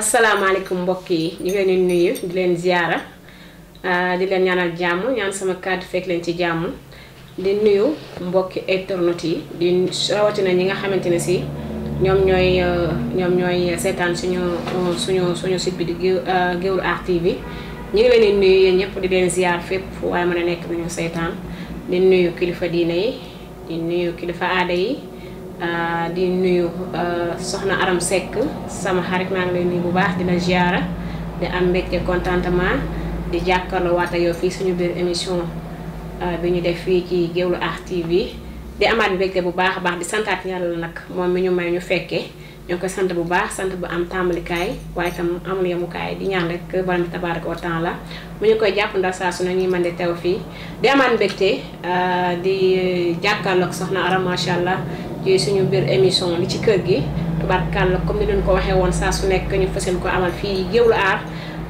asalaamaaleykum mbokk yi ñu leen di nuyu di leen ziara ah, di leen ñaanal jàmm ñaan sama kàddu fekk leen ci jàmm di nuyu mbokki internet yi di rawatina ñi nga xamante ne si ñoom ñooy euh, ñoom ñooy seetaan suñu suñu suñu site bi di Géoul euh, Art TV ñu ngi leen nuyu yéen ñëpp di leen ziar fépp fu waaye mën a nekk nañu seetaan di nuyu kilifa diine yi di nuyu kilifa aada yi euh, di nuyu soxna Aram Seck sama xarit maa lay nuyu bu baax dina ziara di am mbégte contentement di jàkkaarloo waata yow fii suñu biir émission bi ñu def fii ci géwlu Art TV. di amaat mbégte bu baax baax di santaat yàlla nag moom mi ñu may ñu fekkee ñoo ko koy sant bu baax sant bu am tàmbalikaay waaye tam amul yemukaay di ñaan rek borom bi tabaraka wa taala mu ñu koy jàpp ndax saa su ne ñuy man di teew fii di amaat mbégte euh, di jàkkaarloog soxna Aram macha allah ci suñu biir émission li ci kër gi tubaarkàlla comme ni leen ko waxee woon saa su nekk ñu fas ko amal fii Géewul Art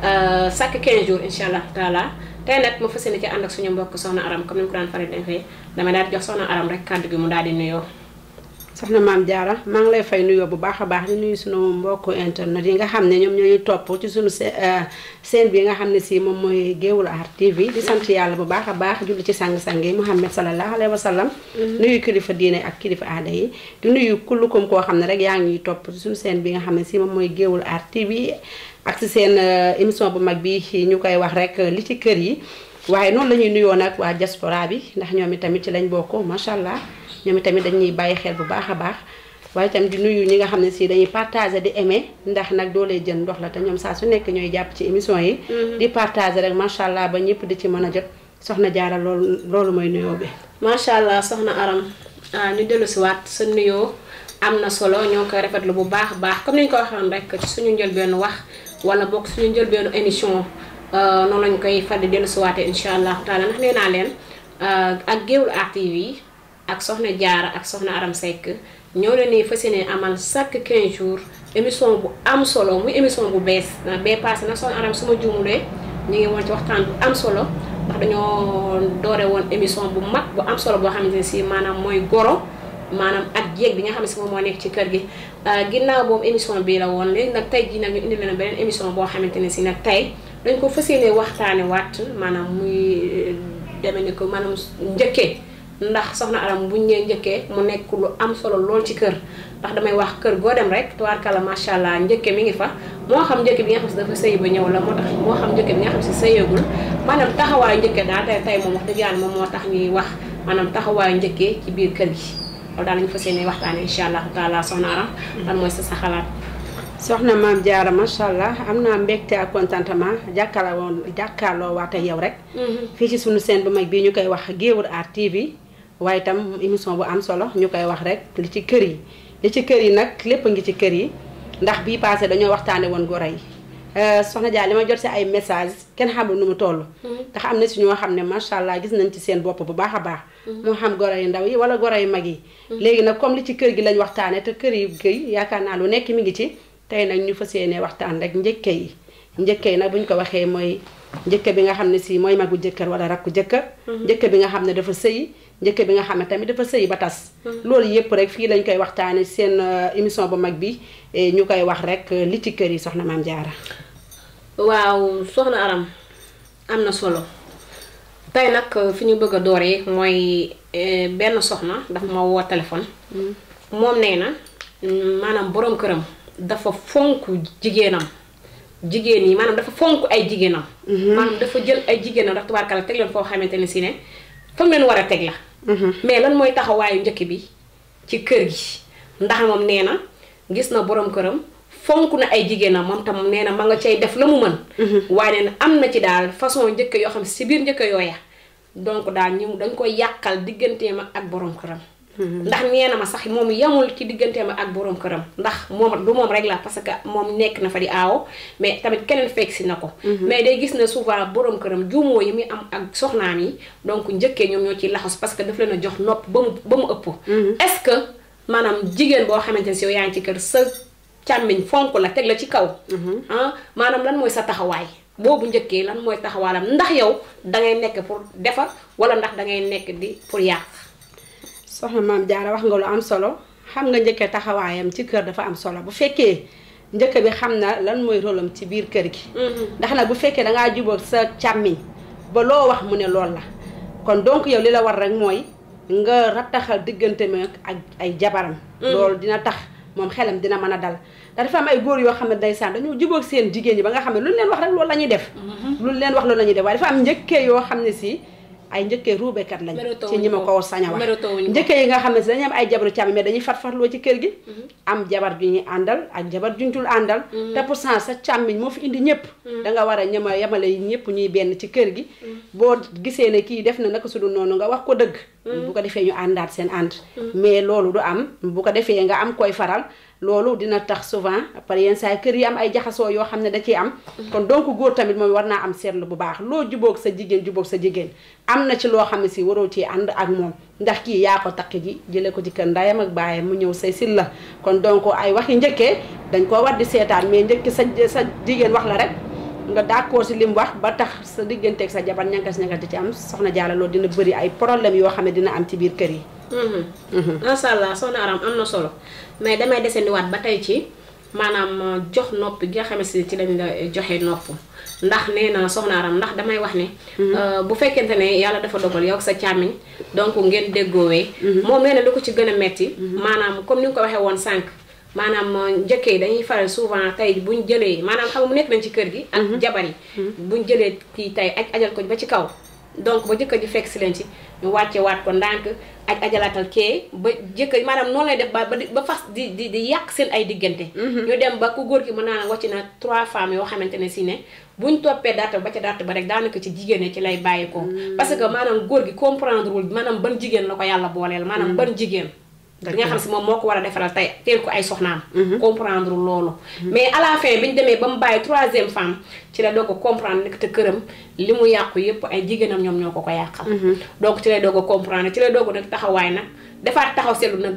euh, chaque 15 jours incha allah taala tey nag ma fas ci ànd ak suñu mbokk soxna Aram comme ni mu ko daan faral di defee dama daal di jox soxna aram rek kàddu gi mu daal di nuyoo. sax na maam Diarra maa ngi lay fay nuyoo bu baax a baax di nuyu sunu mbokku internet yi nga xam ne ñoom ñooy topp ci sunu euh, seen bi nga xam ne si moom mooy Gueoulart TV di sant yàlla bu baax a baax julli ci sang-sang yi Muhammad sallallahu alayhi wa sallam mm-hmm. nuyu kilifa diine ak kilifa aada yi di nuyu kullukum koo xam ne rek yaa ngi topp suñu seen bi nga xam ne si moom mooy Gueoulart TV ak si seen euh, émission bu mag bi ñu koy wax rek li ci kër yi waaye noonu la ñuy nuyoo nag waa diaspora bi ndax ñoom itamit ci lañ bokk macha allah ñoom itamit dañuy bàyyi xel bu baax a baax waaye itam di nuyu ñi nga xam ne si dañuy partager di aimer ndax nag doolee jën ndox la te ñoom saa su nekk ñooy jàpp ci émission yi. Mm-hmm. di partager rek macha allah ba ñëpp di ci mën a jot soxna jaara loolu loolu mooy nuyoo bi. macha allah soxna Aram nu ah, dellu si waat sa nuyoo am na solo ñoo koy rafetlu bu baax baax comme ni ñu ko waxoon rek ci suñu njëlbeenu wax wala bokk suñu njëlbeenu émission. Euh, noonu lañu koy far di dellusiwaatee incha allahu taala ndax nee naa leen euh, ak Géewul Art TV ak Soxna Jaara ak Soxna Aram Seck ñëw leen nii fas yéene amal chaque 15 jours émission bu am solo muy émission bu bees bee passé na Soxna Aram suma juumulee ñu ngi woon ci waxtaan bu am solo ndax dañoo doore woon émission bu mag bu am solo boo xamante ne si maanaam mooy goro maanaam at jéeg bi nga xam ne si moom moo nekk ci kër gi euh, ginnaaw boobu émission bii la woon léegi tey jii nag ñu indi leen beneen émission boo xamante ne si nag tey dañ ko fas yéene waxtaane waat maanaam muy eh, demee ni ko maanaam njëkkee ndax soxna aram buñ nee njëkkee mu nekk lu am solo lool ci kër ndax damay wax kër goo dem rek tubaarkalla macha allah njëkke mi ngi fa moo xam njëkke bi nga xam si ñëw la moo tax moo xam njëkke bi nga xam taxawaayu njëkke daal tey moom moo tax ñuy wax maanaam taxawaayu njëkkee ci biir kër gi loolu daal lañu fas ne waxtaane incha allahu taala soxna aram lan mooy sa sa xalaat soxna maam jaara macha allah am naa mbégte ak contentement jàkkaarloo jàkkaarloo waat yow rek. Mhm. fii ci sunu seen bu mag bii ñu koy wax Géewul Art TV waaye itam émission bu am solo ñu koy wax rek li ci kër yi. li ci kër yi nag lépp ngi ci kër yi ndax bii passé dañoo waxtaane woon goro yi euh, soxna Dia li ma jot si ay message kenn xamul nu mu toll. Mhm. ndax am na si ñoo xam ne macha allah gis nañ ci seen bopp bu baax a baax. Mhm. moo xam goro yu ndaw yi wala goro yu mag yi. léegi nag comme li ci kër gi lañ waxtaanee te kër yi kër yaakaar naa lu nekk mi ngi ci. tey nag ñu fa yéene waxtaan rek njëkk yi njëkk yi nag bu ñu ko waxee mooy njëkk bi nga xam ne si mooy magu jëkkër wala rakku jëkkër mhm. njëkk bi nga xam ne dafa sëy njëkke bi nga xam ne tamit dafa sëyi ba tas mhm. loolu yëpp rek fii lañ koy waxtaane seen euh, émission bu mag bi ñu koy wax rek euh, li ci kër yi soxna maam jaara waaw soxna aram am na solo tey nag euh, fi ñu bëgg a dooree mooy benn soxna dafa ma woo téléphone mhm. moom nee na maanaam boroom këram dafa fonk jigéenam jigéen yi maanaam dafa fonk ay jigéenam. Mhm. maanaam dafa jël ay jigéenam ndax tubaarkalla teg leen foo xamante ne si ne fa mu leen war a teg la. Mhm. mais lan mooy taxawaayu njëkk bi ci kër gi ndax moom nee na gis na borom këram fonk na ay jigéenam moom tam nee na ma nga cay def la mu man mhm. waaye nag am na ci daal façon njëkk yoo xam si biir njëkk yooya donc daal ñu dañ koy yàqal ma ak borom këram. Mm-hmm. ndax nee na ma sax moom yamul ci digganteem ak borom këram ndax moom du moom rek la parce que moom nekk na fa di aawo mais tamit keneen fekk si na ko mm-hmm. mais day gis ne souvent borom këram juumoo yi muy am ak soxnaam yi donc njëkkee ñoom ñoo ciy laxas parce que daf leen a mu ba mu ëpp mm-hmm. ce que maanaam jigéen boo xamante ne si yow yaa ngi ci kër sa càmmiñ fonk la teg la ci kaw ah maanaam lan mooy sa taxawaay boobu njëkkee lan mooy taxawaalam ndax yow da ngay nekk pour defar wala ndax dangay nekk di pour yàq soxna maam jaara wax nga lu am solo xam nga njëkke taxawaayam ci kër dafa am solo bu fekkee njëkk bi xam na lan mooy rôlam ci biir kër gi mhm. ndax nag bu fekkee dangaa jubóog sa càmmiñ ba loo wax mu ne loolu la kon donc yow li la war rek mooy nga rattaxal diggante mi ak ay jabaram mhm. loolu dina tax moom xelam dina mën a dal ndax dafa am ay góor yoo xam ne ndeysaan dañoo jubóog seen jigéen ñi ba nga xam ne lu ñu leen wax rek loolu la ñuy def mhm. lu ñu leen wax loolu la ñuy def waaye dafa am njëkkee yoo xam ne si ay njëkkee ruubekat lañ ci ñi ma ko saña wax njëkkee yi nga xam ne si dañu ay jabaru càmm mais dañuy fatfatloo ci kër gi mhm. am jabar ju ñuy àndal ak jabar juñ juñtul àndal mhm. te pourtant sa càmmiñ moo fi indi ñëpp mhm. da nga war a ñema yemale ñëpp ñuy benn ci kër gi boo gisee ne kii def na naka su dul noonu nga wax ko dëgg bu ko defee ñu àndaat seen ànd mais loolu du am bu ko defee nga am koy faral loolu dina tax souvent après yenn saa kër yi am ay jaxasoo yoo xam ne da ciy am kon donc góor tamit moom war naa am seetlu bu baax loo jubóog sa jigéen jubóog sa jigéen am na ci loo xam ne si waroo ci ànd ak moom ndax kii yaa ko takk ji jële ko ci kër ndayam ak baayam mu ñëw say sil la kon donc ay waxi njëkkee dañ koo war di seetaan mais njëkki sa sa jigéen wax la rek nga d'accord si li mu wax ba tax sa digganteeg sa jabar ñankas ñankas di ci am soxna Diallo dina bëri ay problème yoo xam ne dina am ci biir kër yi. Mm-hmm. Mm-hmm. macha allah soxna Aram am na solo mais damay desendiwaat ba tey ci maanaam euh, jox nopp gi nga xam ne ci lañ la euh, joxe nopp ndax nee na soxna Aram ndax damay wax ne. Mm-hmm. Euh, bu fekkente ne yàlla dafa dogal yow sa càmmiñ donc ngeen déggoowee. moom nee na lu ko ci gën a metti maanaam comme ni nga ko waxee woon sànq. maanaam njëkk yi dañuy faral souvent tey buñ jëlee maanaam xam mu nekk nañ ci kër gi ak mhm. jabar yi mhm. buñ jëlee kii tey ak ajal ko ba ci kaw donc ba jëkkër ji fekk si leen ci ñu wàcce ko ndànk aj ajalaatal kee ba jëkkër maanaam noonu lay def ba ba fas di di di yàq seen ay diggante mhm. ñu dem ba ku góor gi mën naa wàcc na trois femmes yoo xamante ne si ne buñ toppee date ba ca date ba rek daanaka ci jigéen ci lay bàyyi ko mm. parce que maanaam góor gi comprendre wul maanaam ban jigéen la ko yàlla booleel maanaam mm. ban jigéen bi nga xam si moom moo ko war a defaral tey teel ko ay soxnaam. Mhm. comprendre loolu. Mhm. mais à la fin bi ñu demee ba mu bàyyi troisième femme ci la doog a comprendre nekk te këram li mu yàqu yépp ay jigéenam ñoom ñoo ko ko yàqal. Mhm. donc ci lay doo ko comprendre ci lay doo ko nag taxawaay nag defaat taxaw seetlu nag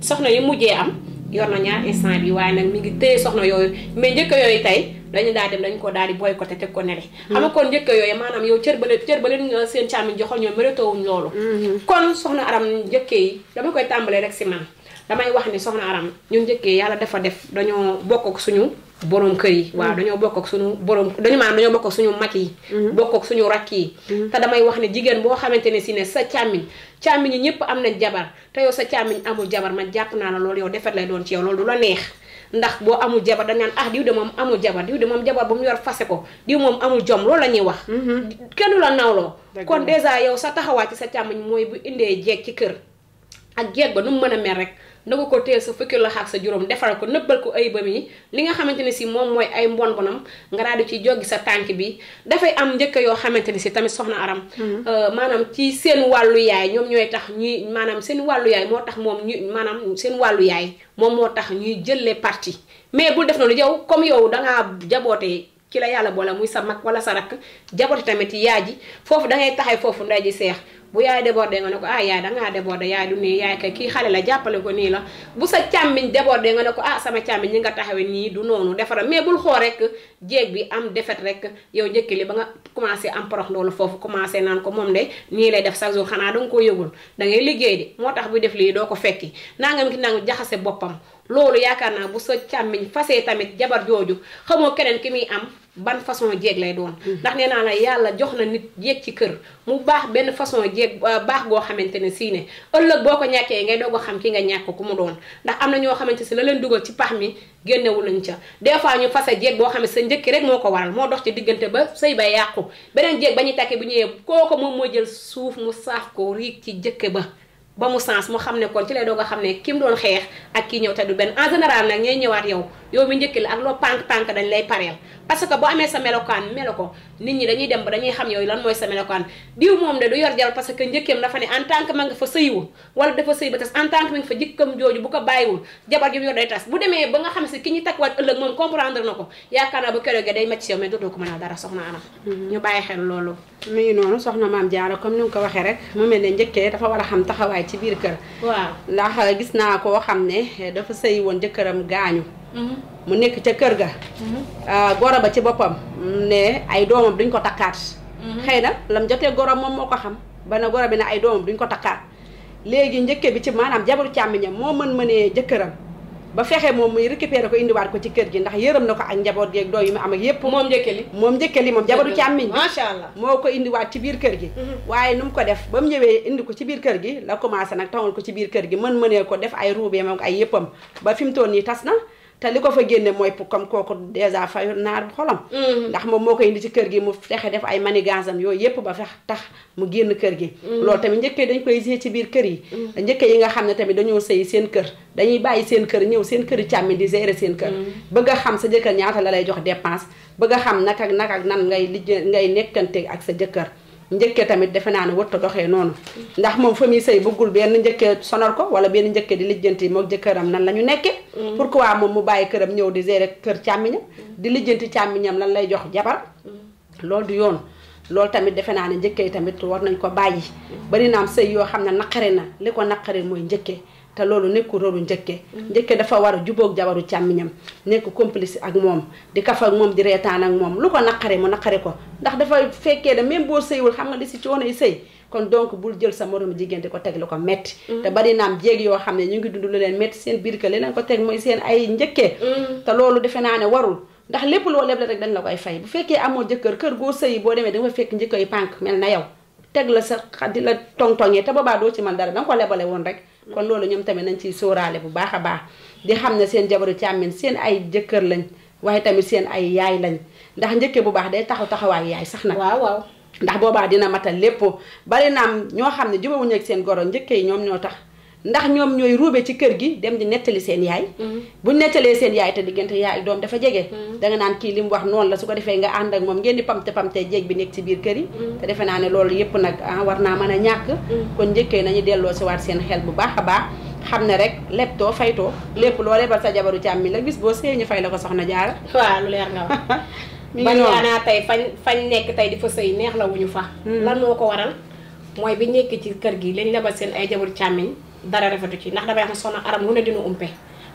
soxna yi mujjee am. yor na ñaar instant bi waaye nag mi ngi téye soxna yooyu mais njëkk yooyu tey dañu daal dem dañu ko daal di boycotté teg ko nele hmm. xam nga kon njëkk yooyu maanaam yow cër ba leen cër ba leen seen càmmiñ joxoon ñoom méritowuñ loolu hmm. kon soxna aram njëkkee yi dama koy tàmbalee rek si man damay wax ni soxna aram ñun njëkkee yàlla dafa def dañoo bokk suñu borom kër yi. Mm. waaw dañoo bokk suñu borom dañu maanaam dañoo bokk ak suñu mag yi. Mm-hmm. bokk ak suñu rakk yi. Mm-hmm. te damay wax ne jigéen boo xamante ne si ne sa càmmiñ càmmiñ yi ñëpp am nañ jabar te yow sa càmmiñ amul jabar man jàpp naa la loolu yow defet lay doon ci du la neex. ndax boo amul jabar dañ naan ah diw de moom amul jabar diw de moom jabar ba mu yor fase ko diw moom amul jom la ñuy wax. Mm-hmm. kenn du la nawloo. kon dèjà yow sa taxawaat ci sa càmmiñ mooy bu indee jeeg ci kër ak jeeg ba nu mu mën a mel rek. na ko teel téye sa fukki loxo ak sa juróom defar ko nëbbal ko ay bam yi li nga xamante ne si moom mooy ay mbon bonam nga daal di ci joggi sa tànk bi dafay am njëkk yoo xamante ne si tamit soxna aram mm-hmm. euh, maanaam ci seen wàllu yaay ñoom ñooy tax ñuy maanaam seen wàllu yaay moo tax moom ñu maanaam seen wàllu yaay moom moo tax ñuy jëlee parti mais bul def noonu yow comme yow dangaa jabootee ci la yàlla boole muy sa mag wala sa rakk jabooti tamit yaay ji foofu dangay taxay foofu nday ji seex bu yaay débordé nga ne ko ah yaay dangaa débordé yaay du nii yaay kay kii xale la jàppale ko nii la bu sa càmmiñ débordé nga ne ko ah sama càmmiñ ñi nga taxawee nii du noonu defara mais bul xool rek jéeg bi am defet rek yow li ba nga commencé am porox loolu foofu commencé naan ko moom de nii lay def chaque jour xanaa danga ko yëgul da ngay liggéey di moo tax buy def lii doo ko fekki nangam ki nangu jaxase boppam loolu yaakaar naa bu sa càmmiñ fasee tamit jabar jooju xamoo keneen ki muy am ban façon jeeg lay doon mm-hmm. ndax nee naa la yàlla jox na nit jeeg ci kër mu baax benn façon jeeg euh, baax goo xamante ne sii ne ëllëg boo ko ñàkkee ngay doog a xam ki nga ñàkk ku mu doon ndax am na ñoo xamante si la leen dugal ci pax mi génnewu lañ ca des fois ñu fase jeeg boo xam ne sa njëkki rek moo ko waral moo dox ci diggante ba sëy ba yàqu beneen jeeg ba ñu takkee bu ñëwee kooku moom moo jël suuf mu saax ko riig ci jëkke ba ba mu sens mu xam ne kon ci lay doog a xam ne ki mu doon xeex ak kii ñëw te du benn en général nag ñooy ñëwaat yow yow mi njëkk la ak loo pànk pànk dañ lay pareel parce que bu amee sa melokaan melo ko nit ñi dañuy dem ba dañuy xam yooyu lan mooy sa melokaan diw moom de du yor jal parce que njëkkeem dafa ne en ma nga fa sëyiwul wala dafa sëy bu ko bàyyiwul jabar demee ba nga xam si ki ñu takwaat ëllëg moom comprendre na ko yaakaar naa ba keroog day macc yow mais dootoo ko mën a dara soxna ana mm-hmm. ñu bàyyi xel loolu mu noonu soxna maam Diarra comme ni nga ko waxee rek mu mel ne njëkkee dafa war a xam taxawaay ci biir kër waaw ndax gis naa koo xam ne dafa sëy woon jëkkëram gaañu mu nekk ca kër ga. Ah, goro ba ci boppam ne ay doomam duñ ko takkaat. xëy na lam jotee goro moom moo ko xam ba ne goro bi ne ay doomam duñ ko takkaat léegi njëkke bi ci maanaam jabaru càmmiñam moo mën mënee jëkkëram ba fexe moom muy récupérer ko indiwaat ko ci kër gi ndax yërëm na ko ak njaboot geeg doom yi mu am ak yépp moom njëkke li moom njëkke li moom jabaru càmmiñ macha allah moo ko indiwaat ci biir kër gi mm-hmm. waaye nu mu ko def ba mu ñëwee indi ko ci biir kër gi la commencé nag tawal ko ci biir kër gi mën mënee ko def ay ruubee moom ay yéppam ba fi mu toon nii tas na te li ko fa génne mooy pour comme kooku dèjà fayul naar xolam mm-hmm. ndax moom moo ko indi ci kër gi mu fexe def ay manigansam yooyu yépp ba fex tax mu génn kër gi mm-hmm. loolu tamit njëkkee dañ koy gisee ci biir kër yi mm-hmm. njëkkee yi nga xam ne tamit dañoo sëy seen kër dañuy bàyyi seen kër ñëw seen kër yi càmmi di gérer seen kër bëgg xam sa jëkkër ñaata la lay jox dépense bëgg xam naka ak naka ak nan ngay liggéey ngay nekkante ak sa jëkkër njëkkee tamit defe naa ne wër ta doxee noonu ndax moom fa famille sëy bëggul benn njëkkee sonal ko wala benn njëkkee di lijjanti moom jëkkëram nan la ñu nekkee mm. pourquoi moom mu bàyyi këram ñëw di gérer kër càmmiñam mm. di lijjanti càmmiñam lan lay jox jabar mm. loolu du yoon loolu tamit defe naa ne njëkkee tamit war nañ ko bàyyi bari naam sëy yoo xam ne naqare na li ko naqare mooy njëkkee te loolu nekkul rôlu njëkke mm. njëkke dafa war a jubóog jabaru càmmiñam nekk complice ak moom di kaf ak moom di reetaan ak moom lu ko naqare mu naqare ko ndax dafa fekkee ne même boo sëyul xam nga li si coono yi sëy kon donc bul jël sa moromu jigéen di ko teg ko metti mm. te bari naam jéeg yoo xam ne ñu ngi dund lu leen metti seen biir ka li ko teg mooy seen ay njëkkee mm. te loolu defe naa ne warul ndax lépp loo leble rek dañ la koy fay bu fekkee amoo jëkkër kër goo sëy boo demee da nga fa fekk njëkk yi pànk mel na yow teg la sa xa di la tongtongee te boobaa doo ci man dara da nga ko lebale woon rek kon loolu ñoom tamit nañ ciy sooraale bu baax a baax di xam ne seen jabaru càmmin seen ay jëkkër lañ waaye tamit seen ay yaay lañ ndax njëkke bu baax day taxaw taxawaayu yaay sax nag waaw waaw ndax boobaa dina matal lépp bari naam ñoo xam ne jubawuñu ak seen goro njëkke yi ñoom ñoo tax ndax ñoom ñooy ruube ci kër gi dem di nettali seen yaay mhm. bu nettalee seen yaay te diggante yaay ak doom dafa jege mhm. da nga naan kii li mu wax noonu la su ko defee nga ànd ak moom ngeen di pamte pamte jéeg bi nekk ci biir kër yi mhm. defe naa ne loolu yëpp nag ah war naa mën a ñàkk kon njëkkee nañu delloo si seen xel bu baax a baax xam ne rek leptoo faytoo lépp loo lebal sa jabaru càmmi la bis boo see fay la ko soxna jaara waaw lu leer nga wax ban yaanaa tey fañ fañ nekk tey di fa sëy neex la ñu fa lan moo ko waral mooy bi nekk ci kër gi lañ lebal seen ay jabaru càmmiñ dara rafetu ci ndax damay wax ne soxna aram lu ne dina umpe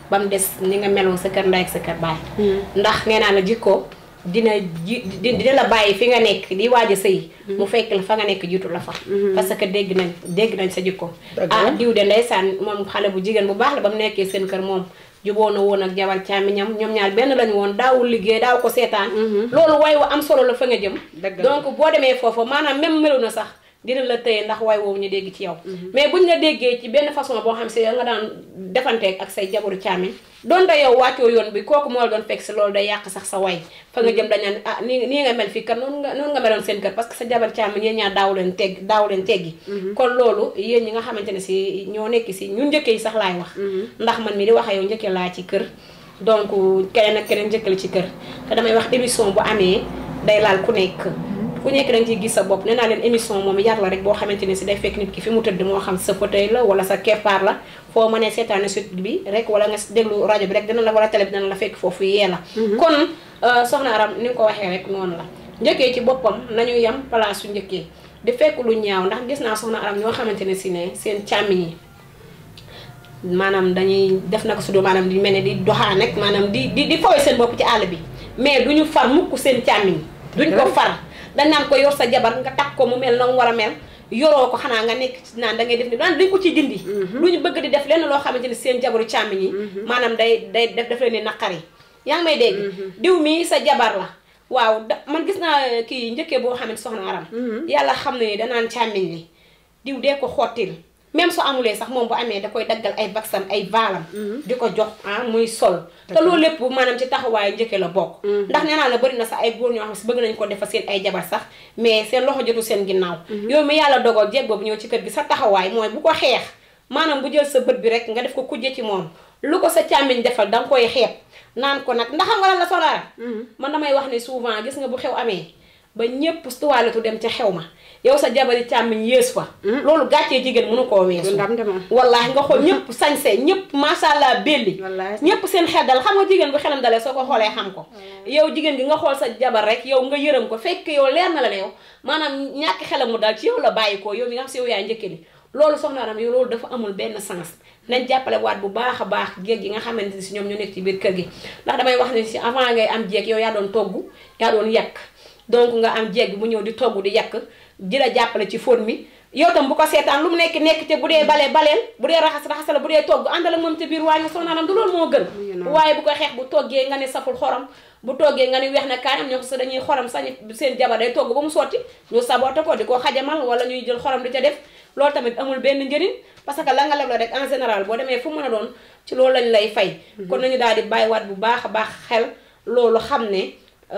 ba mu des ni nga meloon sa kër ndaay ak sa kër baay. Hmm. ndax nee naa la jikko dina ji dina la bàyyi fi nga nekk di waaj a sëy hmm. mu fekk la fa nga nekk jitu la fa. Hmm. parce que dégg nañ dégg nañ sa jikko. ah diw de ndeysaan moom xale bu jigéen bu baax la ba mu nekkee seen kër moom. juboo na woon ak jabar càmmiñam ñoom ñaar benn lañu woon daawul liggéey daaw ko seetaan. loolu way wa am solo la fa nga jëm. donc boo demee foofa maanaam même melu na sax. dina la tëye ndax way woowu ñu dégg ci yow. Mhm. mais buñ la déggee ci benn façon boo xam si nga daan defanteeg ak say jabaru caamin doon da yow wàccoo yoon bi kooku moo la doon fekk si loolu day yàq sax sa way fa nga mhm. jëm dañ naan ah nii nii nga mel fii kat noonu nga noonu nga meloon seen kër parce que sa jabar caamin yéen ñaar daaw leen tegg daaw leen teggi mhm. kon loolu yéen ñi nga xamante ne si ñoo nekk si ñu njëkkee yi sax laay wax. ndax man mi di wax yow njëkkee laa ci kër. donc keneen ak keneen njëkkale ci kër damay wax émission bu amee day laal ku nekk ku nekk da nga ciy gis sa bopp nee naa leen émission moom yar la rek boo xamante ne si day fekk nit ki fi mu tëdd moo xam sa fauteuil la wala sa keppaar la foo mënee seetaane sud bi rek wala nga déglu rajo bi rek dina la wala télé bi dina la fekk foofu yee la mhm. kon euh, soxna aram ni nga ko waxee rek noonu la njëkkee ci boppam nañu yam place su njëkkee di fekk lu ñaaw ndax gis naa soxna aram ñoo xamante ne si ne seen càmmiñ yi maanaam dañuy def na di mel ne di doxaa nag maanaam di di di fooy seen bopp ci àll bi mais duñu far mukk seen càmmiñ duñ ko far dañ naan ko yor sa jabar nga takk ko mu mel na mu war a mel yoroo ko xanaa nga nekk ci naan da ngay def ni daan duñ ko ci dindi mhm. lu ñu bëgg di def lenn loo xamante ni seen jabaru càmmiñ yi mhm. maanaam day day def def leen naqar yi yaa ngi may dégg mhm. diw mii sa jabar la waaw da man gis naa eh, kii njëkkee boo xamante soxna aram yàlla xam ne ni danaan càmmiñ li diw dee ko xottil même su amulee sax moom bu amee da koy daggal ay vaccin ay vaalam mhm. di ko jox ah muy sol te loolu lépp maanaam ci taxawaay njëkkee la bokk mhm. ndax nee naa la bëri na sax ay góor ñoo bëgg nañ ko defal ay jabar sax mais seen loxo jotul seen ginnaaw mhm. yow mi yàlla dogal jeeg boobu ñëw ci kër bi sa taxawaay mooy bu ko xeex maanaam bu jël sa bët bi rek nga def ko kujje ci moom lu ko sa càmmiñ defal da nga koy xeeb naan ko nag ndax xam nga lan la solaar man damay wax ne souvent gis nga bu xew amee ba ñépp tuwaaletu dem ca xew ma yow sa jabari càmmiñ yées fa mhm. loolu gàccee jigéen mënu koo weesu wallaahi nga xool ñëpp sañse ñëpp maasàllaa belli ñëpp seen xel dal xam nga jigéen bu xelam dalee soo ko xoolee xam ko yow jigéen gi nga xool sa jabar rek yow nga yërëm ko fekk yow leer na la ne yow maanaam ñàkk xelam mu dal ci yow la bàyyi ko yow mi nga xam si yow yaay njëkke ni loolu soxna Arame loolu dafa amul benn sens nañ jàppale waat bu baax a baax jéeg gi nga xamante ni si ñoom ñu nekk ci biir kër gi ndax damay wax ne si avant ngay am jéeg yow yaa doon togg yaa yàq donc nga am jeeg mu ñëw di togg di yàq di la jàppale ci fóon mi yow tam bu ko seetaan lu mu nekk nekk te bu dee balee baleel bu dee raxas la bu dee togg àndal ak moom te biir waañu sonaanam du loolu moo gën waaye bu ko xeex bu toggee nga ne saful xorom bu toggee nga ni weex na kaanam ñoom sa dañuy xorom sañ seen jabar day togg ba mu sotti ñu sabote ko di ko xajamal wala ñuy jël xorom di ca def loolu tamit amul benn njëriñ parce que la nga leb la rek en général boo demee fu mën a doon ci loolu lañ lay fay mm-hmm. kon nañu daal di bàyyiwaat bu baax a baax xel loolu xam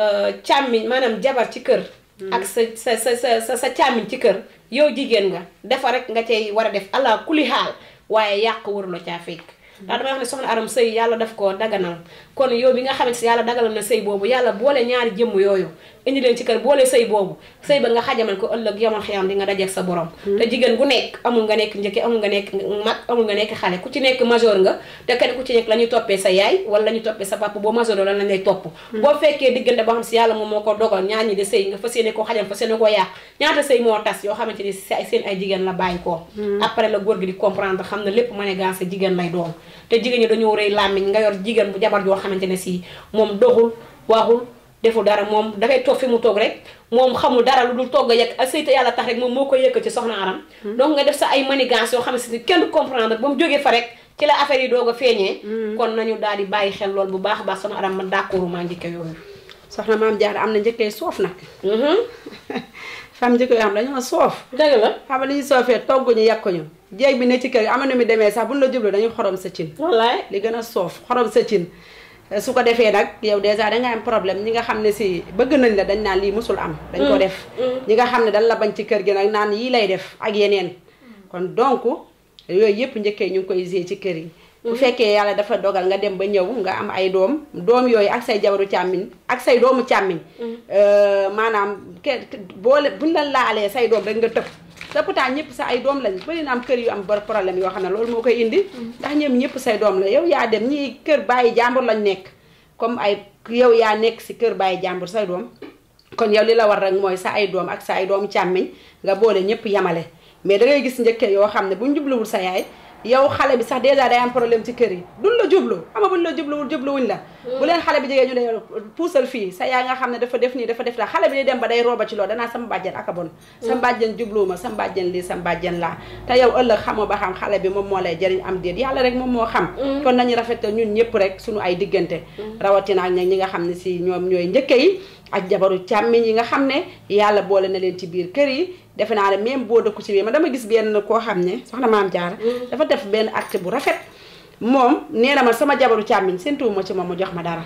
Euh, càmmiñ maanaam jabar ci kër. Mm-hmm. ak sa sa sa sa sa càmmiñ ci kër yow jigéen nga defar rek nga cee war a def allah kulli xaal waaye yàq warula caa fekk. Mm-hmm. ndax damay wax ne soxna aram sëy yàlla daf ko daganal kon yow bi nga xamante si yàlla daganal na sëy boobu yàlla boole ñaari jëmm yooyu indi len ci kër boole sey boobu sey ba nga xajamal ko ëllëg yomal xiyam di nga dajeeg sa borom hmm. te jigen gu nekk amul nga nekk njëkke amul nga nekk mag amul nga nekk xale ku ci nekk major nga te kene ku ci nekk la ñuy sa yaay wala lañu ñuy sa papa bo major la lañ lay topp hmm. boo fekkee diggante ba xam si yàlla moom moo ko dogal ñaar di sey nga fas ko xajam fas ko yaa ñaata sey moo tas yoo xamante ni seen ay jigen la bàyyi ko hmm. après la góor gi di comprendre xam ne lépp ma gaa sa jigen lay doom te jigen ñi dañu rëy làmmiñ nga yor jigen bu jabar joo xamante si moom doxul waxul deful dara moom dafay toog fi mu toog rek moom xamul dara lu dul togg a yekk ak sëy yàlla tax rek moom moo ko yëkk ci soxna aram hmm. donc nga def sa ay manigance yoo xam ne kenn du comprendre ba mu jógee fa rek ci la affaire yi doog a feeñee hmm. kon di bàyyi xel lool bu baax a baax soxna aram ma d'accord maa njëkke maam jaar am na njëkkee soof nag fam hmm. njëkk yoo xam dañoo soof dëgg la xam nga dañuy soofee togguñu yàkkuñu jéeg bi ne am na nu demee sax buñ la jublu dañuy xorom sa cin wallaay li gën a soof xorom sa cin su ko defee nag yow dèjà da am problème ñi nga xam ne si bëgg nañ la dañ naan lii musul am dañ ko mm. def mm. ñi nga xam ne dañ la bañ ci kër gi nag naan yii lay def ak yeneen mm. kon donc yooyu yëpp njëkkee ñu ngi koy gée ci kër yi bu fekkee yàlla dafa dogal nga dem ba ñëw nga am ay doom doom yooyu ak say jabaru càmmiñ ak say doomu càmmiñ euh, maanaam ke boole buñ la laalee say doom dañ nga tëb sa pourtant ñëpp sa ay doom lañ bëri na am kër yu am bor problème yoo xam ne loolu moo koy indi ndax ñoom ñëpp say doom la yow yaa dem ñii kër bàyyi jàmbur lañ nekk comme ay yow yaa nekk si kër bàyyi jàmbur say doom kon yow li la war rek mooy sa ay doom ak sa ay doomu càmmiñ nga boole ñëpp yamale mais da ngay gis njëkkee yoo xam ne bu ñu jubluwul sa yaay yow xale bi sax dèjà day am problème ci kër yi duñ la jublu ama buñ la jubluwul jubluwuñ la mm. bu leen xale bi jegee ñu ne puusal fii sa yaa nga xam ne dafa def nii dafa def la xale bi day dem ba day rooba ci loolu danaa sama bàjjen aka bon mm. sama bàjjen jubluwuma sama bàjjen lii sama bàjjen laa te yow ëllëg xamoo ba xam xale bi moom moo lay jariñ am déet yàlla rek moom moo xam mm. kon nañu rafetal ñun ñëpp rek suñu ay diggante rawatinaa ak ñi nga xam ne si ñoom ñooy njëkke yi ak jabaru càmmiñ yi nga xam ne yàlla boole na leen ci biir kër yi defe naa ne même boo dëkku ci biir ma dama gis benn koo xam ne soxna maam jaara mm. dafa def benn acte bu rafet moom nee na man sama jabaru càmmiñ séntuwuma ci moom mu jox ma dara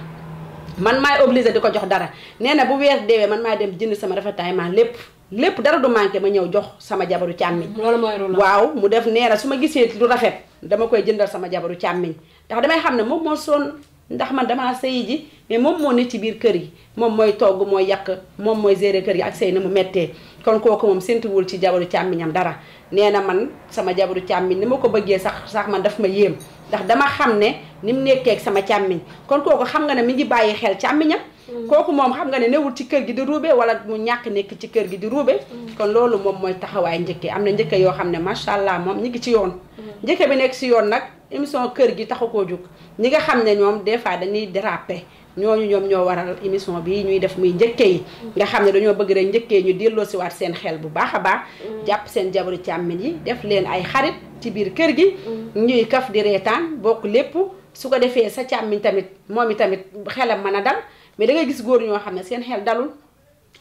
man maay obligé di ko jox dara nee na bu weer deewee man maay dem jënd sama rafetaay maa lépp lépp dara du manqué ma ñëw jox sama jabaru càmmiñ loolu mooy waaw mu def nee na su ma gisee lu rafet dama koy jëndal sama jabaru càmmiñ ndax damay xam ne moom moo sonn ndax man damaa sëyi ji mais moom moo ne ci biir kër yi moom mooy togg mooy yàq moom mooy gérer kër yi ak sëy na mu méttee kon kooku moom séntuwul ci jabaru càmmiñam dara nee na man sama jabaru càmmiñ ni ma ko bëggee sax sax man daf ma yéem ndax dama xam ne ni mu nekkee sama càmmiñ kon kooku xam nga ne mu ngi bàyyi xel càmmiñam mm. kooku moom xam nga ne newul ci kër gi di ruube wala mu ñàkk nekk ci kër gi di ruube mm. kon loolu moom mooy taxawaay njëkke am na njëkke yoo xam ne macha allah moom ñi ngi ci yoon mm. njëkke bi nekk si yoon nag émission kër gi taxu koo jóg ñi nga xam ne ñoom des fois dañuy déraper ñooñu ñoom ñoo waral émission bi ñuy def muy njëkke yi nga xam ne dañoo bëgg rek njëkkee ñu delloo si waat seen xel bu baax a baax mm. jàpp seen jabaru càmmin yi def leen ay xarit ci biir kër gi mm. ñuy kaf di reetaan bokk lépp su ko defee sa càmmiñ tamit moom i tamit xelam mën a dal mais da ngay gis góor ñoo xam ne seen xel dalul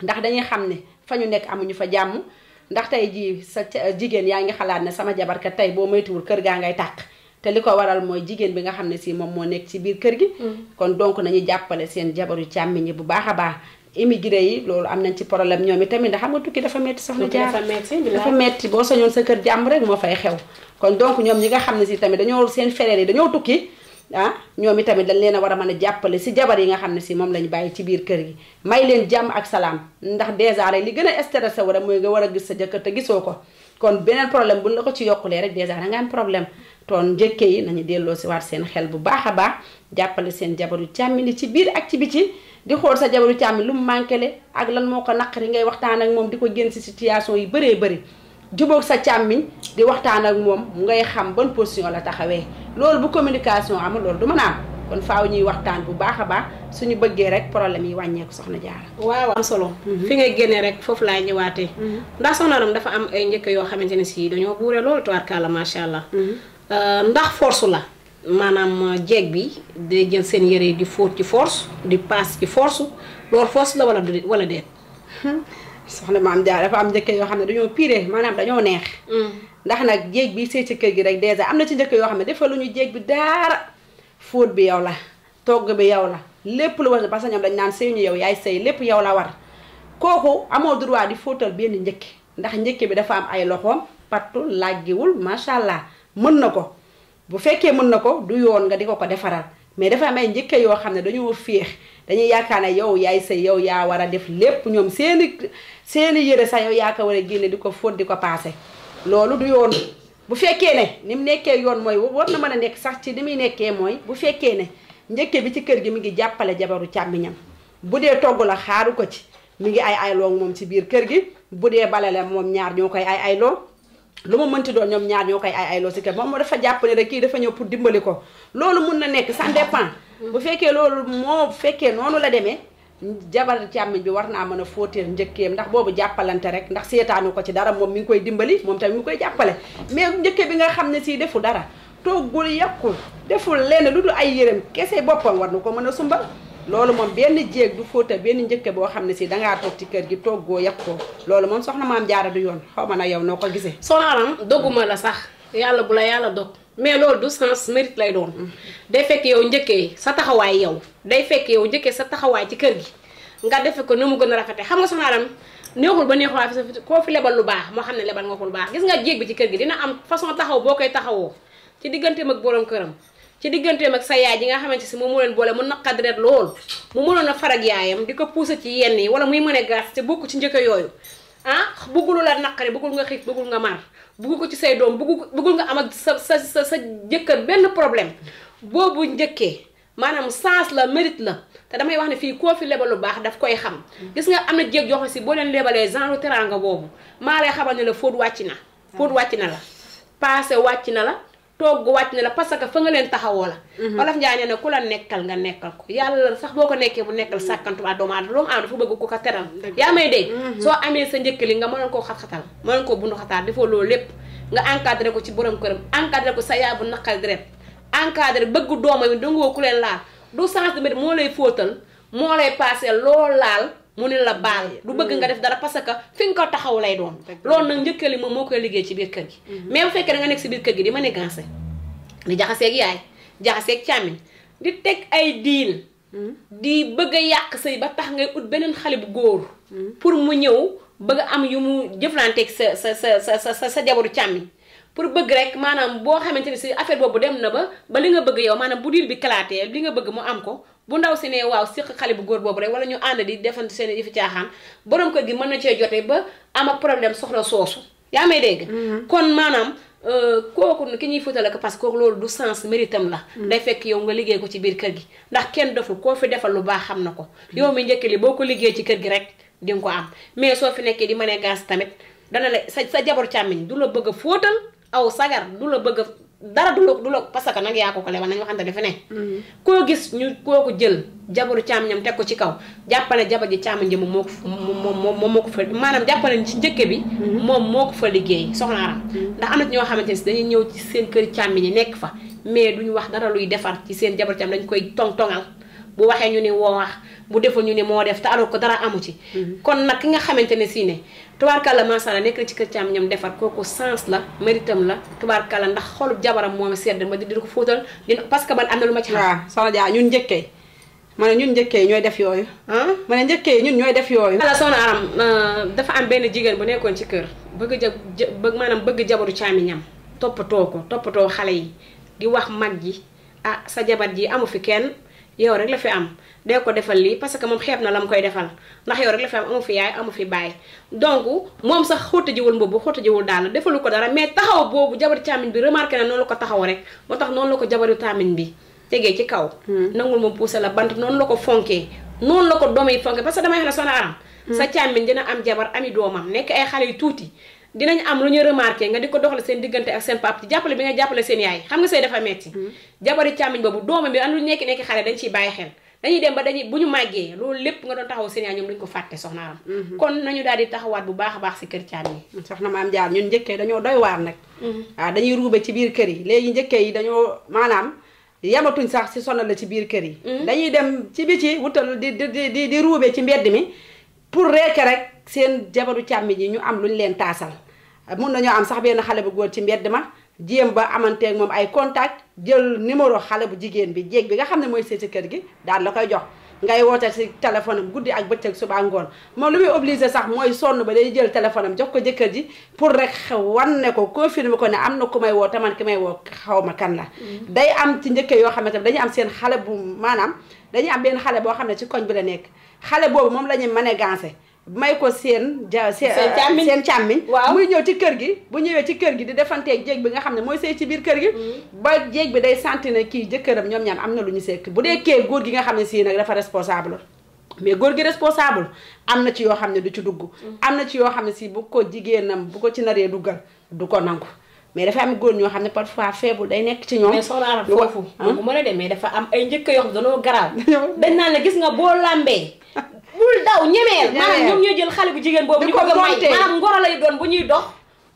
ndax dañuy xam ne fa ñu nekk amuñu fa jàmm ndax tey jii sa jigéen yaa ngi xalaat ne sama jabarkat tey boo moytuwul kër gaa ngay tàq te li ko waral mooy jigéen bi nga xam ne si moom moo nekk ci biir kër gi mm. kon donc nañu jàppale seen jabaru càmmiñ yi bu baax a baax immigré yi loolu am nañ ci problème ñoom tamit ndax xam nga tukki dafa metti soxna jaar dafa metti boo sañoon sa kër jamm rek moo fay xew kon donc ñoom ñi nga xam ne si tamit dañoo seen fereer yi dañoo tukki ah ñoom itamit dañ leen a war a mën a jàppale si jabar yi nga xam ne si moom lañ bàyyi ci biir kër gi may leen jàmm ak salaam ndax dèjà rek li gën a stressé war a mooy nga war a gis sa jëkkër te gisoo ko kon beneen problème buñ la ko ci yokkulee rek dèjà da nga am problème toon njëkke yi nañu delloo si waat seen xel bu baax a baax jàppale seen jabaru càmmili ci biir ak ci biti di xool sa jabaru càmmi lu mu manqué le ak lan moo ko naqari ngay waxtaan ak moom di ko génn si situation yu bëree bëri jubóog sa càmmiñ di waxtaan ak moom mu ngay xam ban position la taxawee loolu bu communication amul loolu du mën a am kon faaw ñuy waxtaan bu baax a baax suñu bëggee rek problème yi wàññeeku soxna jaara waaw am solo mhm. fi ngay génnee rek foofu laay ñëwaatee mhm. ndax soxna Rama dafa am njëkk yoo xamante ne si dañoo buure loolu tubaarkàlla macha Euh, ndax force la maanaam euh, jeeg bi de jël seen yére di fóot ci force di paas ci force loolu force la wala de déet. soxna am jaar dafa am njëkk yoo xam ne dañoo piire maanaam dañoo neex. Mm. ndax nag jéeg bi sëy ci kër gi rek dèjà am na ci njëkk yoo xam ne ñu jéeg bi daara fóot bi yow la togg bi yow la lépp lu war a parce que ñoom dañ naan sëy ñu yow yaay sëy lépp yow la war kooku amoo droit di fóotal benn njëkk ndax njëkk bi dafa am ay loxoom pattu làggiwul macha allah. mën na ko bu fekkee mën na ko du yoon nga di ko ko defaral mais dafa am ay njëkke yoo xam ne dañoo féex dañuy yaakaar ne yow yaay sa yow yaa war a def lépp ñoom seeni seeni yére sax yow yaa ko war a génne di ko fóot di ko paase loolu du yoon bu fekkee ne ni mu nekkee yoon mooy war na mën a nekk sax ci ni muy nekkee mooy bu fekkee ne njëkke bi ci kër gi mi ngi jàppale jabaru càmmiñam bu dee togg la xaaru ko ci mi ngi ay ayloo moom ci biir kër gi bu dee bale moom ñaar ñoo koy ay ayloo lu ma mënti doon ñoom ñaar ñoo koy ay ay loo si kër moom dafa jàpp ne rek kii dafa ñëw pour dimbali ko loolu mun na nekk ça dépend bu fekkee loolu moo fekkee noonu la demee jabar càmmiñ bi war naa mën a fóoteel njëkkeem ndax boobu jàppalante rek ndax seetaanu ko ci dara moom mi ngi koy dimbali moom tamit mi ngi koy jàppale mais njëkke bi nga xam ne sii defu dara toggul yàqul deful lenn lu dul ay yërëm kese boppam war na ko mën a sumbal loolu moom benn jéeg du fóotee benn njëkkee boo xam ne si dangaa toog ci kër gi toggoo yàq ko loolu moom soxna maam jaara du yoon xaw ma na yow noo ko gisee soxna dogguma la sax yàlla bu la yàlla dog mais loolu du sens mérite lay doon day fekk yow njëkkee sa taxawaay yow day fekk yow njëkkee sa taxawaay ci kër gi nga defe ko na mu gën a rafete xam nga soxna neexul ba neexul fi sa koo fi lebal lu baax moo xam ne lebal nga ko lu baax gis nga jéeg ci kër gi dina am façon taxaw boo koy taxawoo ci digganteem ak borom këram ci digganteem ak sa yaay ji nga xamante si moom moo leen boole mu naqad ret loolu mu mënoon a farag yaayam di ko poussé ci yenn yi wala muy mën a gas te bokk ci njëkk yooyu ah bëggulu la naqari bëggul nga xiif bëggul nga mar bëggu ko ci say doom bëggu bëggul nga am ak sa sa sa sa jëkkër benn problème boobu njëkkee maanaam sens la mérite la te damay wax ne fii koo fi lebal lu baax daf koy xam gis nga am na jéeg yoo xam si boo leen lebalee genre teranga boobu maa lay xamal ne la wàcc na fóot wàcc na la wàcc na la togg wàcc na la parce que fa nga leen taxawoo la. Mhm. olof Njaay nee na ku la nekkal nga nekkal ko yàlla sax boo ko nekkee bu nekkal sàkkantuma doomu aadama doomu aadama dafa bëgg ko teral. may dégg. Mhm. soo amee sa njëkk li nga mënoon koo xat-xatal mënoon koo bundu xataal defoo loolu lépp nga encadré ko ci borom këram encadré ko sa yaay bu naqari deret encadré bëgg doomam yi dangoo ku leen laal du sens de moo lay fóotal moo lay paasee loo laal. mu ne la baal mm-hmm. du bëgg nga def dara parce que fi nga ko taxaw lay doon loolu nag njëkkali moom moo koy liggéey ci biir kër gi mm-hmm. mais bu fekkee da nga nekk si biir kër gi di manigancé di jaxaseeg yaay jaxaseeg càmmiñ di teg ay diil mm-hmm. di bëgg a yàq sëy ba tax ngay ut beneen xale bu góor pour mu ñëw bëgg am yu mu jëflanteeg sa sa sa sa sa sa jabaru càmmiñ pour bëgg rek maanaam boo xamante ni si affaire boobu dem na ba ba li nga bëgg yow maanaam bu dil bi kalaatee li nga bëgg mu am ko bu ndaw si ne waaw siq xale bu góor boobu rek wala ñu ànd di defante seen yëfi caaxaan borom kër gi mën na cee jote ba am problème soxla soosu yaa may dégg mhm. kon maanaam euh, kooku ki ñuy fóotale ko parce que loolu du sens méritam la. Mhm. day fekk yow nga liggéey ko ci biir kër gi. ndax kenn doful koo fi defal lu baax xam na ko. yow mi njëkk li boo ko liggéey ci kër gi rek di nga ko am mais soo fi nekkee di mën a gaas tamit dana le sa sa jabar càmmiñ du la bëgg a fóotal aw sagar du la bëgg dara du la du la parce que nag yaa ko ko lebal nañu waxante defe ne. Mm-hmm. koo gis ñu koo ko jël jabaru càmmiñam teg ko ci kaw jàppale jabar ji càmmiñ ji moom moo ko fa mm-hmm. moom moo ko fa maanaam jàppale ci njëkk bi. Mm-hmm. moom moo ko fa liggéey soxna Aram. ndax am na ñoo xamante ne dañuy ñëw ci seen kër càmmiñ yi nekk fa mais duñu wax dara luy defar ci seen jabaru càmmiñ dañu koy tong tongal bu waxee ñu ne woo wax bu deful ñu ne moo def te alors ko dara amu ci. kon nag ki nga xamante ne si ne tubaarkalla maasàllaa nekk na ci kër caam ñam defar kooku sens la méritam la tubaarkalla ndax xolub jabaram moom sedd ma di ko fóotal dina parce que man am na lu ma ci xam. waaw soxna Dia ñun njëkkee ma ne ñun njëkkee ñooy def yooyu. ma njëkkee ñun ñooy def yooyu. voilà soxna Aram euh, dafa am benn jigéen bu nekkoon ci kër bëgg ja bëgg maanaam bëgg jabaru caami ñam toppatoo ko toppatoo xale yi di wax mag ji ah sa jabar ji amu fi kenn yow rek la fi am. dee ko defal lii parce que moom xeeb na la mu koy defal ndax yow rek la fi am amu fi yaay amu fi bàyyi donc moom sax xóotajiwul mbubbu xóotajiwul daana defalu ko dara mais taxaw boobu jabaru càmmiñ bi remarqué na noonu ko taxaw rek moo tax noonu la ko jabaru càmmiñ bi tegee ci kaw hmm. nangul moom puuse la bant noonu la ko fonkee noonu la ko doom yi fonkee parce que damay wax ne soxna Aram hmm. sa càmmiñ dina am jabar ami doomam nekk ay xale yu tuuti dinañ am lu ñu remarqué nga di ko doxale seen diggante ak seen pap ci jàppale bi nga jàppale seen yaay xam nga say dafa metti hmm. jabari càmmiñ boobu doomam bi am lu nekk nekk dañ ciy bàyyi xel dañuy dem ba dañuy bu ñu màggee loolu lépp nga doon taxaw seen yaa ñoom dañu ko fàtte soxnaaram mhm. kon nañu daal di taxawaat bu baax a baax si kër caam yi mm, soxna maam jaar ñun njëkkee dañoo doy waar nag waaw mhm. ah, dañuy ruube ci biir kër yi léegi njëkkee yi dañoo maanaam yamatuñ sax si sonal la ci biir kër yi mhm. dañuy dem ci ci wutal di di di di ruube ci mbedd mi pour reeke rek seen jabaru càmm ji ñu am lu ñu leen taasal mun nañoo am sax benn xale bu góor ci mbedd ma jéem ba amanteeg moom ay contact jël numéro xale bu jigéen bi jéeg bi nga xam ne mooy seeti kër gi daal la koy jox ngay woote si téléphone am guddi ak bëccëg suba ngoon moom lu muy obligé sax mooy sonn ba day jël téléphone jox ko jëkkër ji pour rek wan ne ko confirmer ko ne am na ku may woo te man ki may woo xaw ma kan la mm-hmm. day am ci njëkke yoo xam ne tam dañuy am seen xale bu maanaam dañuy am benn xale boo xam ne ci koñ bi la nekk xale boobu moom la ñuy mané gancé may ko seen ja seen euh, seen càmmiñ waaw muy ñëw ci kër gi bu ñëwee ci kër gi di defanteeg jéeg bi nga xam ne mooy sëy ci biir kër gi mm. ba jéeg bi day sentir ne kii jëkkëram ñoom ñaan am na lu ñu sekk bu dee kee góor gi nga xam ne sii nag dafa responsable mais góor gi responsable am na ci yoo xam ne du ci dugg mm. am na ci yoo xam ne si bu ko jigéenam bu ko ci naree duggal du ko nangu mais dafa am góor ñoo xam ne parfois bu day nekk ci ñoom. mais soxna Arame foofu bu ah? mën a demee dafa am ay njëkk yoo xam ne danoo dañ naan la gis nga boo làmbee bul daw ñemeel maanaam ñoom ñoo jël xale bu jigéen boobu ñu ko may maanaam ngoro lay doon bu ñuy dox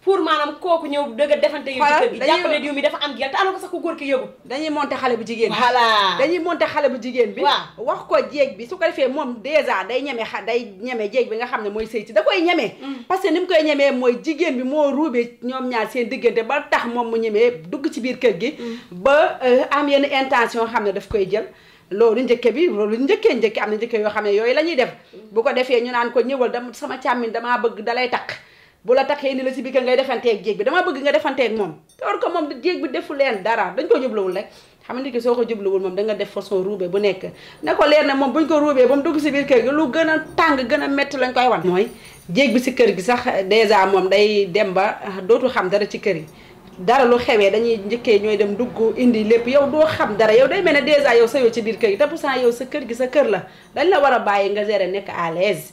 pour maanaam kooku ñëw dëgg a defante yow ci kër gi jàpp diw mi dafa am gel te alors que sax ku góor ki yëgu dañuy monter xale bu jigéen bi voilà dañuy monter xale bu jigéen bi waaw wax ko jéeg bi su ko defee moom déjà day ñeme xa day ñeme jéeg bi nga xam ne mooy sëy si da koy ñemee mm. parce que ni mu koy ñemee mooy jigéen bi moo ruubee ñoom ñaar seen diggante ba tax moom mu ñemee dugg ci biir kër gi mm. ba euh, am yenn intention xam ne daf koy jël loolu njëkke bi loolu njëkkee njëkke am na njëkke yoo xam ne yooyu la def bu ko defee ñu naan ko ñëwal dama sama càmmiñ damaa bëgg dalay taq bu la takkee indi la si biir kër ngay defanteeg jéeg bi damaa bëgg nga defanteeg moom toor ko moom jéeg bi defu leen dara dañ ko jubluwul rek xam nga nit soo ko jubluwul moom da nga def façon ruube bu nekk ne ko leer na moom buñ ko ruubee ba dugg si biir kër gi lu gën a tàng gën a métti lañ koy wan mooy jéeg bi si kër gi sax dèjà moom day dem ba dootu xam dara ci kër yi dara lu xewee dañuy njëkkee ñooy dem dugg indi lépp yow doo xam dara yow day mel ne dèjà yow sa yoo ci biir kër gi te pourtant yow sa kër gi sa kër la dañ la war a bàyyi nga gérer nekk à l'aise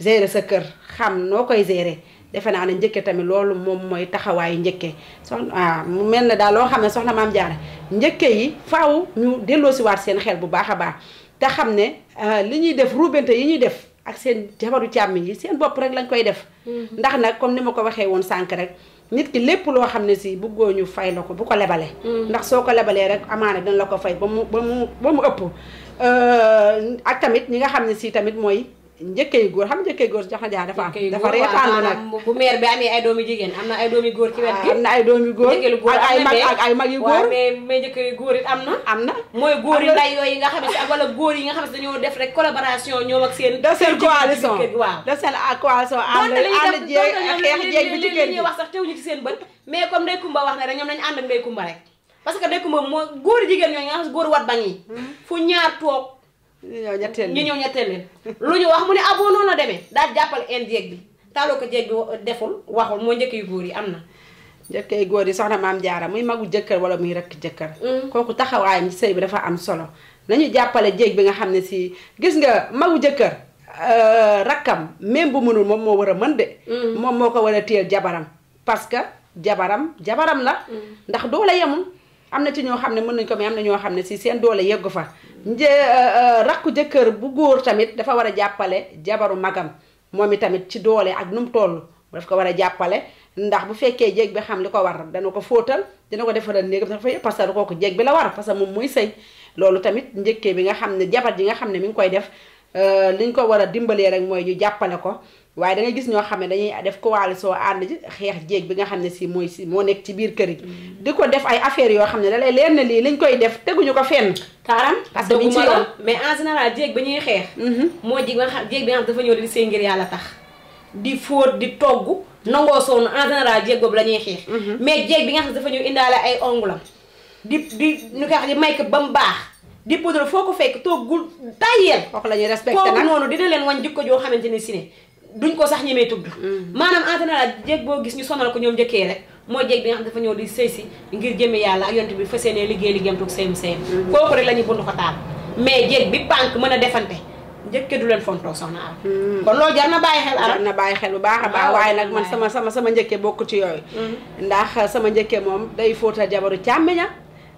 gérer sa kër xam noo koy gérer defe naa ne njëkke tamit loolu moom mooy taxawaayu njëkke soxna mu mel ne daal loo xam ne soxna maam Diarra njëkke yi faaw ñu delloosiwaat seen xel bu baax a baax te xam ne euh, li ñuy def ruubente yi ñuy def ak seen jabaru càmm yi seen bopp rek lañ koy def. Mm-hmm. ndax nag comme ni ma ko waxee woon sànq rek. nit ki lépp loo xam ne sii buggoo ñu fay la ko bu ko lebalee mm. ndax soo ko lebalee rek amaana dina la ko fay ba mu ba mu ba mu ëpp euh, ak tamit ñi nga xam ne sii tamit mooy njëkkay góor xam njëkkay góor jaxna jaay dafa am dafa reetaan nag bu meer bi amee ay doomi jigéen am na ay doomi góor am na ay doomi góor ak ay mag ak góor mais mais njëkkay góor it am na am na mooy yi nday nga xam ne ak wala góor yi nga xam ne dañoo def rek collaboration ñoom ak seen da seen coalition waaw da seen coalition ànd ànd jéeg ak xeex jéeg bi ci kër gi wax sax tew ñu jigéen ñooñu nga xam ne góor wat bañ yi hmm. fu ñaar toog ñu ñëw ñetteel ñu ñëw ñetteel leen lu ñu wax mu ne ah boo noonu la daal jàppal indi jeeg bi taaloo ko jeeg deful waxul moo njëkk yu góor yi am na. njëkk yu góor yi soxna maam jaara muy magu jëkkër wala muy rakk jëkkër. Mm. kooku taxawaayam ci sëy bi dafa am solo nañu jàppale jéeg bi nga xam ne si gis nga magu jëkkër euh, rakkam même bu mënul moom moo war a mën de. Mm. moom moo ko war a téyel jabaram parce que jabaram jabaram la. Mm. ndax doo la yemul. am na ci ñoo xam ne mën nañ ko mais am na ñoo xam ne si seen doole yeggu fa një euh, euh, rakku jëkkër bu góor tamit dafa war a jàppale jabaru magam moom i tamit ci doole ak nu mu toll daf ko war a jàppale ndax bu fekkee jeg bi xam li ko war dana ko fóotal dina ko defaral néegam dafa yëpp parce que kooku jéeg bi la war parce que moom muy sëy loolu tamit njëkkee bi nga xam ne jabar ji nga xam ne mi ngi koy def Euh, liñ ko war a dimbalee rek mooy ñu jàppale ko waaye da ngay gis ñoo xam ne dañuy def coalition ànd ji xeex jéeg bi nga xam ne si mooy si moo nekk ci biir kër yi. Mm. di ko def ay affaires yoo xam ne da lay leer na lii liñ koy def teguñu ko fenn. taaram parce que ci yoon mais en général jéeg ñuy xeex. Mm-hmm. moo jéeg nga xam jéeg bi nga xam dafa ñëw di sëy ngir yàlla tax. di fóot di togg nangoo sonn na général jéeg boobu la ñuy xeex. Mm-hmm. mais jéeg bi nga xam dafa ñu indaale ay onglam di di ñu koy di may ba mu baax. di poudre foko fek to gul tayel kooku la respecté nak nonu dina len wañ jikko jo xamanteni ne duñ ko sax ñëmé tuddu mm. manam antena la jégg bo gis ñu sonal ko ñom njëkkee rek mo jégg bi nga xam dafa ñëw di seysi ngir jëmé yalla ak yonte bi fas yéenee liggéey liggéeyam tok sëyam sëyam mm. koku rek la ñuy bund ko taal mais jégg bi bank mëna a defante njëkke du len fonto soxna ara mm. kon lo jarna baye xel ara na baye xel bu baaxa ba way nak man sama sama sama njëkke bokku ci yoy mm-hmm. ndax sama njëkke mom day fóotal jabaru càmmiña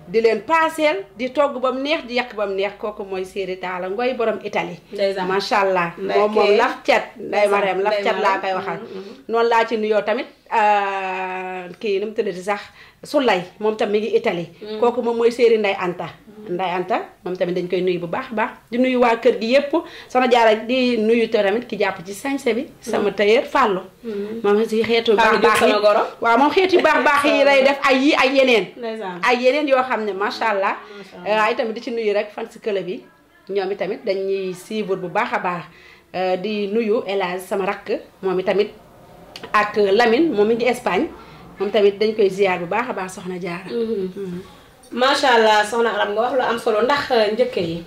di leen paaseel di togg ba mu neex di yàq ba mu neex kooku mooy Séeri Taala Ngoy borom Italie. macha allah moom moom laf cat nday Mariam laf cat laa koy waxal. Mm-hmm, mm-hmm. noonu laa ci nuyoo tamit euh, kii nu mu tuddati sax su Soulay moom tam mi ngi Italie. Mm. kooku moom mooy seeri Nday Anta. Ndeye Anta moom tamit dañ koy nuyu bu baax baax di nuyu waa kër gi yépp sama jaara di nuyu tamit ki jàpp ci sañse bi sama tailleur Fallou mm-hmm. moom si xeetu baax baax yi waaw moom baax baax yi lay def ay yi ay yeneen ay yeneen yoo xam ne macha mm-hmm. allah itamit euh, di ci nuyu rek fan si club bi ñoom i tamit dañuy suivre bu baax a baax euh, di nuyu El sama rakk moom i tamit ak lamin moom mi moom tamit dañ koy ziar bu baax a baax soxna jaara mm-hmm. macha allah soxna Aram nga wax lu am solo ndax eh, njëkk yi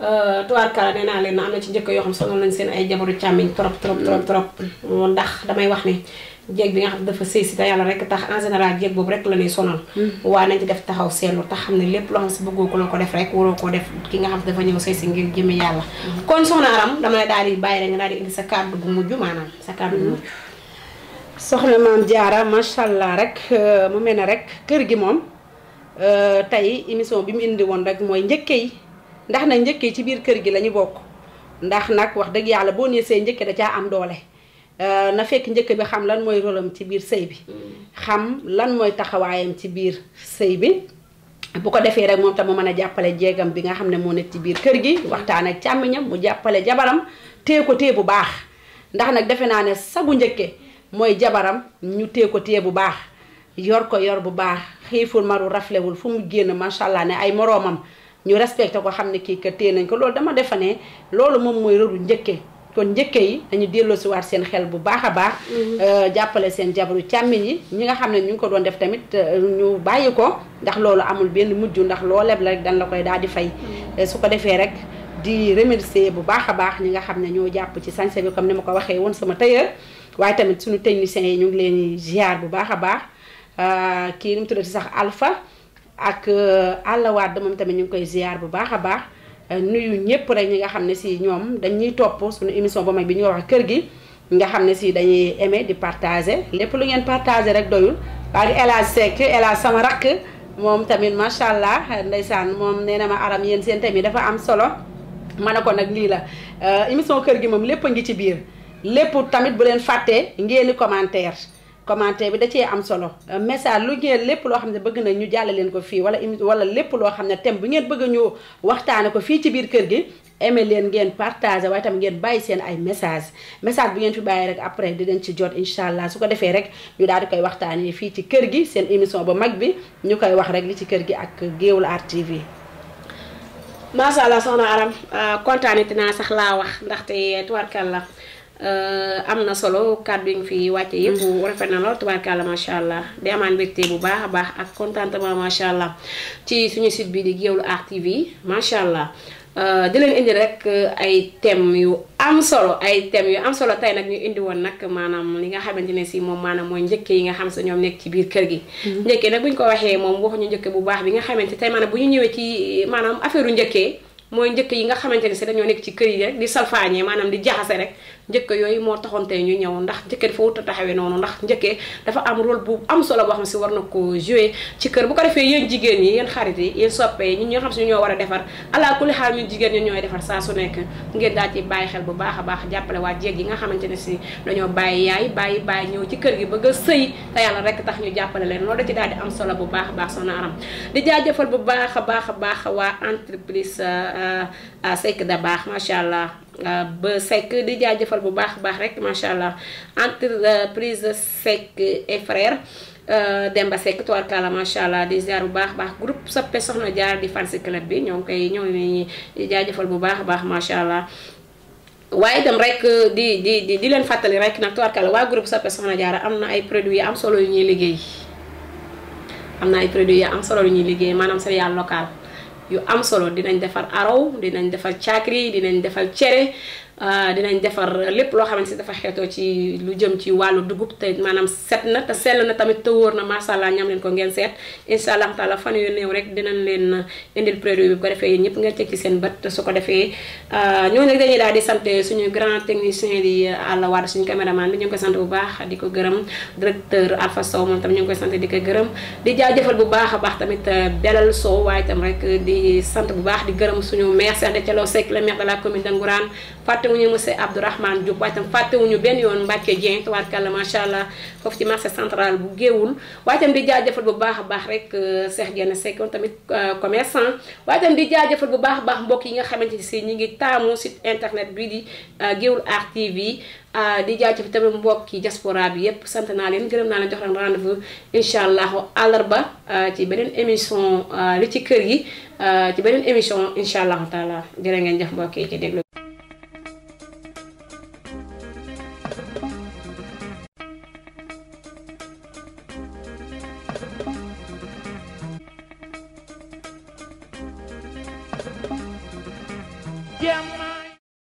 eh, tubaarkala nee naa leen am na ci njëkk yoo xam sonal lañ seen ay jabaru càmmiñ trop trop trop mm. trop ndax damay wax ne jéeg bi nga xam dafa sëy si te yàlla rek tax en général jéeg boobu rek la ñuy sonal mm. waaye nañ ci def taxaw seen seetlu tax xam ne lépp loo xam si bëggoo ko ko def rek waroo ko def ki nga xam dafa ñëw sëy si ngir jëme yàlla mm. kon soxna Aram dama lay daal di bàyyi rek nga daal di indi sa kàddu bu mujj maanaam sa kàddu bu mujj macha allah rek eh, mu mel ne rek kër gi moom Euh, tey émission bi mu indi woon rek mooy njëkkee yi ndax nag njëkke ci biir kër gi la ñu bokk ndax nag wax dëgg yàlla boo nee sëy njëkke da caa am doole euh, na fekk njëkk bi xam lan mooy rolam ci biir sëy bi mm. xam lan mooy taxawaayam ci biir sëy bi bu ko defee rek moom tam mu mën a jàppale jeegam bi nga xam ne moo nekk ci biir kër gi waxtaan ak càmmiñam mu jàppale jabaram tée ko tée bu baax ndax nag defe naa ne sagu njëkke mooy jabaram ñu tée ko tée bu baax yor ko yor bu baax xiiful maru raflewul fu mu génn macha allah ne ay moroomam ñu respecté ko xam ne kii que téye nañ ko loolu dama defa ne loolu moom mooy rëru njëkke kon njëkke yi dañu delloosiwaat seen xel bu baax a baax mhm. euh, jàppale seen jabaru càmmiñ yi ñi nga xam ne ñu ngi ko doon def tamit euh, ñu bàyyi ko ndax loolu amul benn mujj ndax loo leb la rek dañ la koy daal di fay mhm. euh, su ko defee rek di remercier bu baax a baax ñi nga xam ne ñoo jàpp ci sañse bi comme ni ma ko waxee woon sama tailleur waaye tamit suñu techniciens yi ñu ngi leen ziar bu baax a baax Euh, kii nu mu tuddati sax Alpha ak euh, Alla Wade moom tamit ñu ngi koy ziar bu baax a baax euh, nuyu ñëpp rek ñi nga xam ne si ñoom dañuy topp suñu émission bu mag bi ñu wax kër gi. nga xam ne si dañuy aimé di partager lépp lu ngeen partager rek doyul waaye El Hadj Seck El sama rakk moom tamit macha allah ndeysaan moom nee na ma aram yéen seen tamit dafa am solo. ma ne ko nag lii la émission kër gi moom lépp a ngi ci biir lépp tamit bu leen fàttee ngeen i commentaire bi da cee am solo euh, message lu ngeen lépp loo xam ne bëgg na ñu jàll leen ko fii wala émission wala lépp loo xam ne thème bu ngeen bëgg a ñu waxtaane ko fii ci biir kër gi aimé leen ngeen partagé waaye tam ngeen bàyyi seen ay message message bu ngeen fi bàyyi rek après dinañ ci jot incha allah su ko defee rek ñu daal di koy waxtaanee fii ci kër gi seen émission ba mag bi ñu koy wax rek li ci kër gi ak Géoul Art TV. macha allah soxna Aram euh, kontaanati naa sax laa wax ndaxte tubarkalla la Euh, am na solo kàddu yi nga fi wàcce yëpp mm-hmm. rafet na lool tubaarkàlla macha allah di amaan mbégte bu baax a baax ak contentement macha allah ci suñu site bi di Géewlu Art TV macha allah euh, di leen indi rek euh, ay thèmes yu am solo ay thèmes yu am solo tey nag ñu indi woon nag maanaam li nga xamante ne si moom maanaam mooy njëkke yi nga xam sa ñoom nekk ci biir kër gi mm-hmm. njëkkee nag bu ñu ko waxee moom waxuñu njëkke bu baax bi nga xamante tey maanaam bu ñu ñëwee ci maanaam affaire njëkkee moy njëkk yi nga xamanteni ne si nekk ci kër yi rek di salfañé manam di jaxase rek njëkk yoy mo taxoon tey ñu ñëw ndax njëkkee fa wut taxawé nonu ndax njëkkee dafa am rôle bu am solo bo xamni si war na ko jouer ci kër bu ko défé yeen jigéen yi yeen xarit yi yeen soppé yi ñun xam si ñoo wara défar defar kulli hal ñu jigéen ñu ñoy défar sa su nekk ngeen daal ci bàyyi xel bu baaxa baax jappalé wa jégg yi nga xamanteni ci si dañoo yaay bàyyi bàyyi ñëw ci kër gi bëgg sey ta yalla rek tax ñu jappalé leen loolu ci daal di am solo bu baaxa baax sonaram di jaajeufal bu baaxa baaxa baax wa entreprise Ah, ah, sekk da bax machallah allah ah, ba sekk di jajeufal bu bax bax rek machallah entre prise sekk et frère Demba Seck tuwarkala kala machallah di ziar bu bax bax groupe soppe soxna jaar di fan club bi ñong kay ñoy ñoo jajeufal bu bax bax machallah waye dem rek di di di len fatali rek nag kala wa groupe soppe soxna jaar am ay produits am solo yu ñuy liggéey am ay produits am solo yu ñuy liggéey sa céréales locales. yu am solo dinañ defar araw dinañ defar caakri dinañ defar cere Euh, dinañ defar lépp loo xamante dafa xeetoo ci lu jëm ci wàllu dugub te maanaam set na te sell na tamit te wóor na macha allah ñam leen ko ngeen seet incha allah taala fan yu néew rek dinañ leen uh, indil produit bi bu ko defee ñëpp ngeen teg ci seen bët su ko defee uh, ñoo nag dañuy daal di sant suñu grand technicien di àlla uh, waad suñu cameraman bi ñu ngi koy sant bu baax di ko gërëm directeur Alpha Sow moom tam ñu ngi koy sant di ko gërëm di jaajëfal bu baax a baax tamit Belal Sow waaye tam rek di sant bu baax di gërëm suñu maire Cheikh Dethialo sek le maire de la commune de Ngourane fàttewuñu monsieur Abdourahmane Diop waaye tam fàttewuñu benn yoon Mbacke Dieng tabaarkàlla macha allah foofu ci marché central bu géewul waaye tam di jaajëfal bu baax a baax rek euh, Cheikh Diène Seck moom tamit euh, commerçant waaye tam di jaajëfal bu baax a baax mbokk yi nga xamante si ñi ngi taamu site internet bi di euh, géewul Art TV di jaajëfal tamit mbokki diaspora bi yépp sant naa leen gërëm naa leen jox leen rendez-vous incha allahu àllarba ci beneen émission li ci kër yi ci beneen émission incha allahu taala jërë ngeen jëf mbokk ci déglu